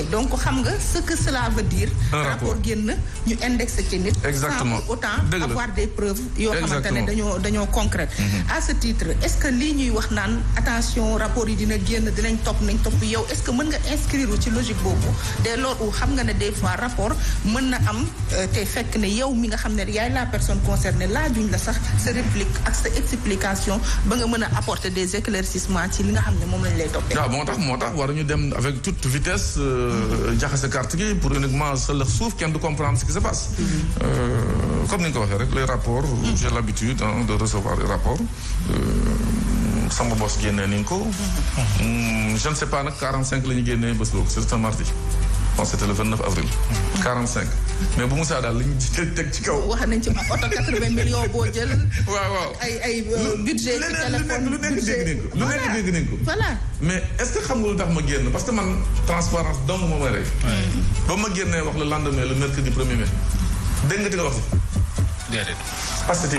ok donc xam nga ce que cela veut dire. rapport génn ñu indexé ci nit. exactement sans autant avoir des preuves. yoo xamante ne dañoo concrète. Mm-hmm. à ce titre est ce que lii ñuy wax naan attention rapport yi dina génn dinañ topp nañ topp yow est ce que mën nga inscrire ci logique boobu dès lors où xam nga ne des rapport mën na am euh, te fekk ne yow mi nga xam ne yaay la personne concernée laajuñ la sax sa réplique ak sa explication ba nga mën a apporter des éclaircissements ci li nga xam ne moom jaxase carte gi pour uniquement sëllax suuf kenn du comprendre ce qui se passe. Euh, comme ni nga ko waxee rek les rapports. j'ai l'habitude de recevoir les rapports. Euh, sama bos génnee nañ ko. Mm-hmm. Mm, je ne sais pas nag 45 la ñu génnee bés boobu c'est un mardi. on c'était le 29 avril. 45 mais bu Moussa daal lañu ñu teg ci kaw. wax nañ ci oto 80 millions boo jël. waaw waaw ay ay euh, budget ci téléphone. lu nekk dégg nañ lu nekk dégg nañ ko. mais est-ce ma génn parce que man transparence dong moo may rey. ba premier mai dégg nga di nga wax. déedéet parce que c'était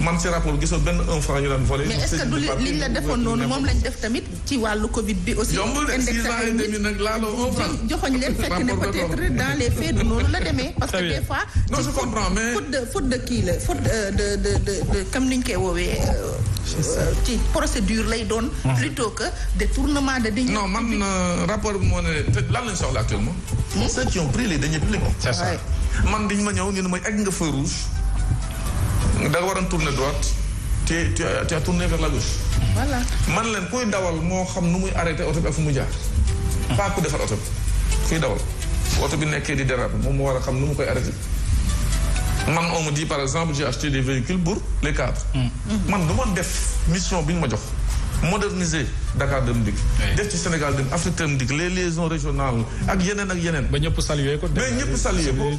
man si rapport gisoo benn un daan volé. mais est du li la defoon noonu moom lañ def tamit ci wàllu Covid bi aussi. yombul de six ans et demi nag laaloo un franc. joxoñ leen fekk ne peut dans les faits noonu la demee. parce que des fois. non je comprends de kii la faute euh, de de de ni koy woowee. Euh, euh, ci procédure lay doon. Ah. plutôt que détournement de deniers. non man rapport bi moo ne lan lañ soxla actuellement. Hmm? ceux qui ont pris les deniers publics. c'est ça ma ñëw ñu ne mooy egg nga feu rouge. da nga waroon tourner droite te tu as tu as tourné la gauche. man leen kuy dawal moo xam nu muy arrêté oto bi ak fu mu jaar. Hmm. pas ku defar oto bi kuy dawal fu oto bi nekkee di déraper moom moo war a xam nu mu koy arrêté. man on me dit par exemple j'ai acheté des véhicules pour les cadres. Hmm. man du ma def mission bi ñu ma jox. moderniser Dakar Dem Dikk def ci Sénégal dem Afrique Dem Dikk les liaisons régionales ak yeneen ak yeneen ba ñëpp saluer ko mais ñëpp saluer ko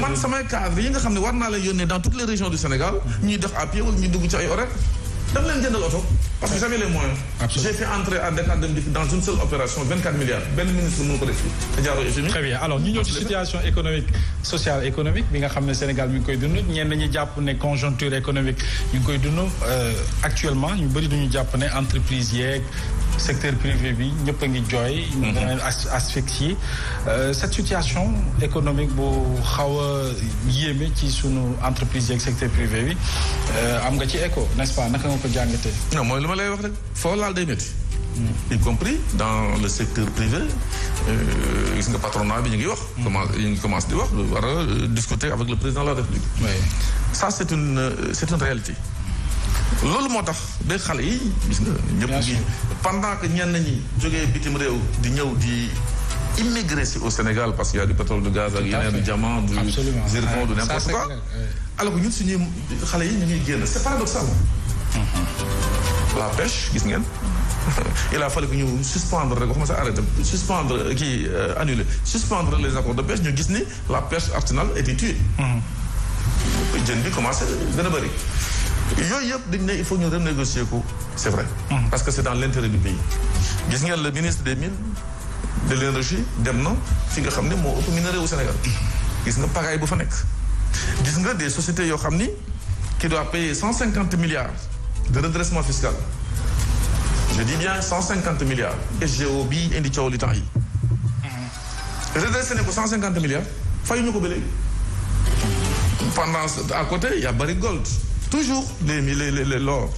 man samay cadre yi nga xam ne war naa la yónnee dans toutes les régions du Sénégal ñuy def à pied wala ñuy dugg ci ay horaires daf leen jëndal oto parce que j'avais les moyens j'ai fait entrer à Dakar Dem Dikk dans une seule opération vingt quatre milliards benn ministre mënu ko def fii très bien alors ñu ñëw ci situation économique sociale économique bi nga xam ne Sénégal mi ngi koy dund ñenn ñi jàpp ne conjoncture économique ñu ngi koy dund euh, actuellement ñu bëri duñu jàpp ne entreprise yeeg secteur privé bi ñëpp a ngi jooy. ñu mhm. ngi leen asphyxié euh, cette situation économique bu xaw a yéeme ci sunu entreprise yeeg secteur privé bi euh, am nga ci écho n'est-ce pas naka nga ko jàngatee. non mooy li ma lay wax rek foo laal day métti. Hmm. y compris dans le secteur privé euh, gis nga patronat bi ñu ngi wax. Hmm. commence ñu ngi commence di wax war a discuter avec le président de la République. ça c'est une c'est une réalité. loolu moo tax de xale yi gis nga ñëpp ngi pendant que ñenn ñi jógee bitim réew di ñëw di immigré si au Sénégal parce que y a du pétrole du gaz ak yeneen du diamant du zircon du n'importe quoi alors que ñun xale yi ñu ngi génn c'est paradoxal mm-hmm. la pêche gis ngeen il a fallu que ñu suspendre rek waxuma sax arrêté suspendre kii euh, annuler suspendre les accords de pêche ñu gis ni la pêche artisanale était tuée mm-hmm. jën bi commencé gën a bëri yooyu yëpp dañ ne il faut ñu renégocier ko c' est vrai. parce que c' est dans l' intérêt du pays. gis ngeen le ministre des mines de l' énergie dem na fi nga xam ne moo ëpp minerai au Sénégal gis nga pagaille bu fa nekk. gis nga des sociétés yoo xam ni qui doit payer cent cinquante milliards de redressement fiscal je dis bien cent cinquante milliards. SGO bii indi cow li temps yi. redressé ne ko cent cinquante milliards fayuñu ko ba léegi. à côté y' a Barrick Gold. toujours les les les loo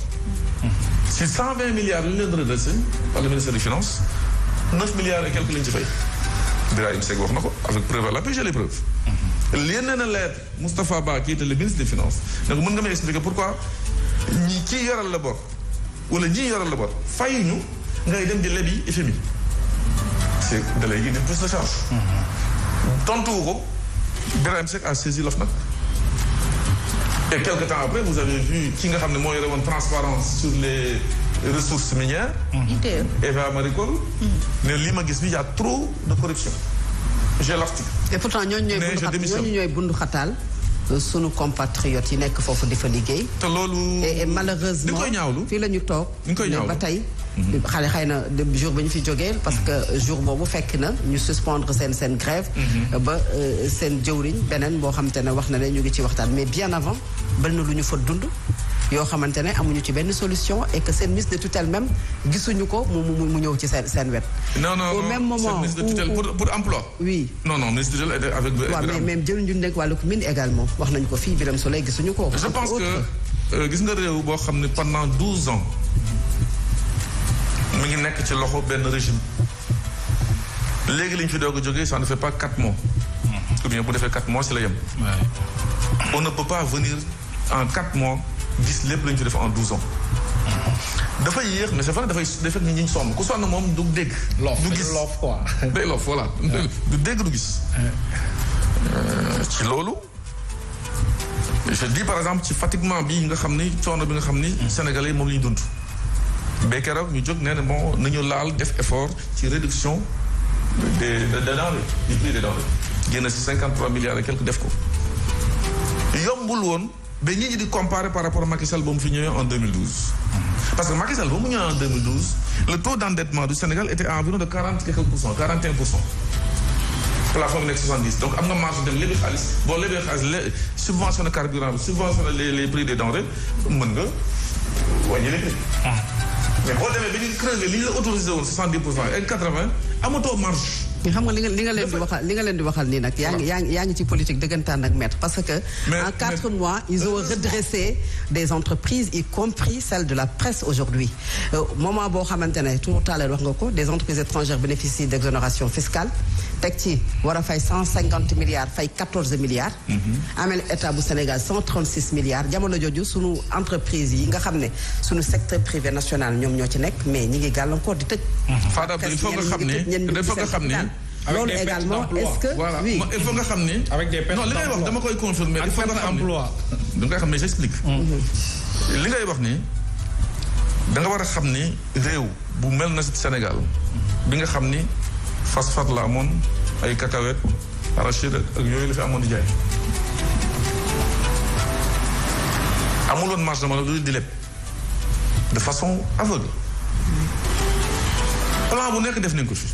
si 120 milliards li ñu leen redressé par le ministère des finances 9 milliards et quelques lañu ci fay. Birahim Seck wax na ko avec preuve à l'appui j'ai les preuves. yéen na lettre Moustapha Ba qui était le ministre des finances donc mën nga may expliquer pourquoi ñi kii yoral la bor wala ñii yoral la bor fayu ñu ngay dem di lebi FMI. c'est da lay indi plus de charge. Mm-hmm. tontu ko Birahim Seck a saisi l'OFNAC. Et quelque temps après, vous avez vu qui nga xam ne mooy rewoon transparence sur les ressources minières. Mm-hmm. Eva Marie Coll. Mm-hmm. ne li ma gis bi y a trop de corruption. j'ai l'article. et pourtant ñooñu ñooy bundu xataal sunu compatriotes yi nekk foofu di fa liggéey. te loolu. et malheureusement fii la ñu toog. ñu koy ñaawlu ba tey. Mhm. xale xëy na jour ba ñu fi jógee parce que mhm. jour boobu fekk na ñu suspendre seen seen grève. Mhm. ba euh, seen jëwriñ beneen boo xam te ne wax na ne ñu ngi ci waxtaan mais bien avant bari na lu ñu fa dund. yoo xamante ne amuñu ci benn solution et que seen ministre de tutelle même gisuñu ko mu mu ñëw ci seen seen wet. non non au même moment pour pour emploi. oui non non ministre de tutelle avec. waaw mais même jël ñu nekk wàllu mine également wax nañu ko fii ko. je pense euh, gis nga réew boo xam ne pendant douze ans mi ngi nekk ci loxo benn régime léegi li fi doog a jógee ça ne fait pas quatre mois. Hmm. ou bien bu defee quatre mois si la yem. on ne peut pas venir en quatre mois. gis lépp lañu ci def en douze ans. dafay yéex mais c'est vrai dafay dafay nit ñi somm ku sonn moom du dégg. du gis loof quoi. day loof voilà du dégg du gis. Euh, ci loolu. je dis par exemple ci fatiguement bi nga xam ni coono bi nga xam ni. Mm. Sénégalais moom la ñu dund. ba keroog ñu jóg nee na nañu laal def effort ci réduction. des des denrées du prix des génn si cinquante trois milliards et def ko. yombul woon. ba nit ñi di comparer par rapport Macky Sall ba mu fi ñëwee en 2012. parce que Macky ba mu ñëwee en le taux d' endettement du Sénégal était environ de quarante quelques pour cent quarante pour cent. plafond nekk soixante dix donc am nga marge dem lebi xaalis boo lebee xaalis le subventionné carburant bi subventionné les les prix des denrées mën nga wàññi les prix. Ah. mais boo demee ba ñu li ñu la autorisé woon soixante dix pour cent et quatre vingt amatoo marge. xam nga li nga li leen di waxal li nga leen di waxal nii nag. yaa ngi yaa ngi yaa ngi ci politique dëggantaan ak maître parce que. en quatre mois ils ont redressé des entreprises y compris celle de la presse aujourd'hui euh, moment boo xamante ne tout à l'heure wax nga ko des entreprises étrangères bénéficient d'exonération fiscale. teg ci war a fay cent cinquante milliards fay quatorze milliards. Mhm. amee état bu Sénégal cent trente six milliards jamono jooju sunu entreprise yi nga xam ne sunu secteur privé national ñoom ñoo ci nekk mais ñu ngi gàllankoor di tëj. Mhm. Fada il faut nga xam ne il faut xam ne. loolu également est-ce nga xam ne. avec des pertes li ngay wax dama koy confirmer il faut nga xam mhm. ne da nga xam li ngay wax ni da war a xam ni réew bu mel na Sénégal bi nga xam ni. fas-fas la amoon ay cacahuètes arachide ak yooyu la fi amoon di jaay. amuloon marge de manœuvre di leb de façon aveugle plan bu nekk def nañ ko fi.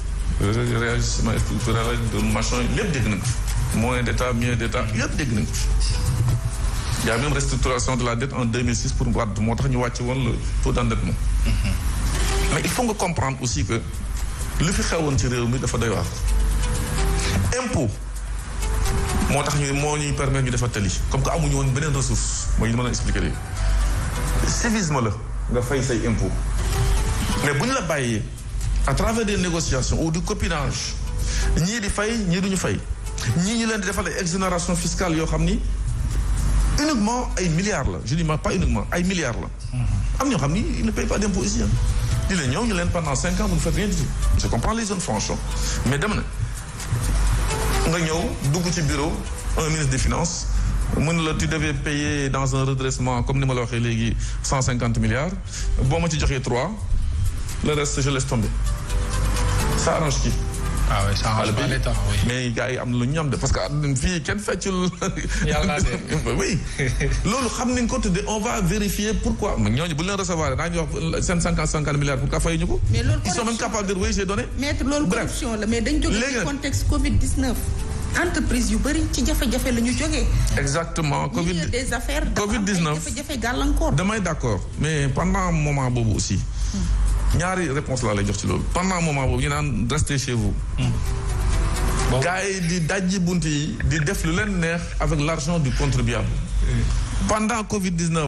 réagissement structurel ak de machin lépp dégg nañ ko fi. moyen d' état moyen d' état yëpp ko fi. y' même restructuration de la dette en 2006 pour Wade moo tax ñu wàcc woon le taux d' endettement. Mhm. mais il faut nga comprendre aussi que li fi xewoon ci réew mi dafa doy waar impôt moo tax ñu moo ñuy permettre ñu defar tali comme que amuñu woon beneen ressource moo ñu mën a expliquer léegi civisme la nga fay say impôt mais bu ñu la bàyyee à travers des négociations ou du copinage ñii di fay ñii duñu fay ñii ñu leen di defal ay exonération fiscale yoo xam ni uniquement ay milliards la je dis pas uniquement ay milliards la mm-hmm. am ñoo xam ni ils ne pas d'impôt ici li leen ñëw ñu leen pendant cinq ans vous ne faites rien du tout je les jeunes franchement mais dem na nga ñëw dugg ci bureau un ministre des finances mën la tu devais payer dans un redressement comme ni ma la waxee léegi cent cinquante milliards boo ma ci joxee trois le reste je laisse tomber arrange qui ah oui ça arrange pas l'État mais gars am na lu ñu am de parce que àdduna fii kenn feccul. loolu xam nañ ko tuddee on va vérifier pourquoi ñooñu bu leen recevoir daañu wax seen cinquante cinquante milliards pourquoi fayuñu ko. mais loolu ils sont même capables de dire oui loolu corruption la mais dañ jógee ci contexte Covid 19. entreprise yu bëri ci jafe-jafe la ñu jógee. exactement Covid milieu des affaires. Covid 19 dafa jafe-jafe gàllankoor. damay d' accord mais pendant moment boobu aussi. Hmm. ñaari réponse laa lay jox ci loolu pendant moment boobu ñu naan restez chez vous. Hmm. gars di dajji bunt yi di def lu leen neex avec l' argent du contribuable. Eh. pendant Covid 19.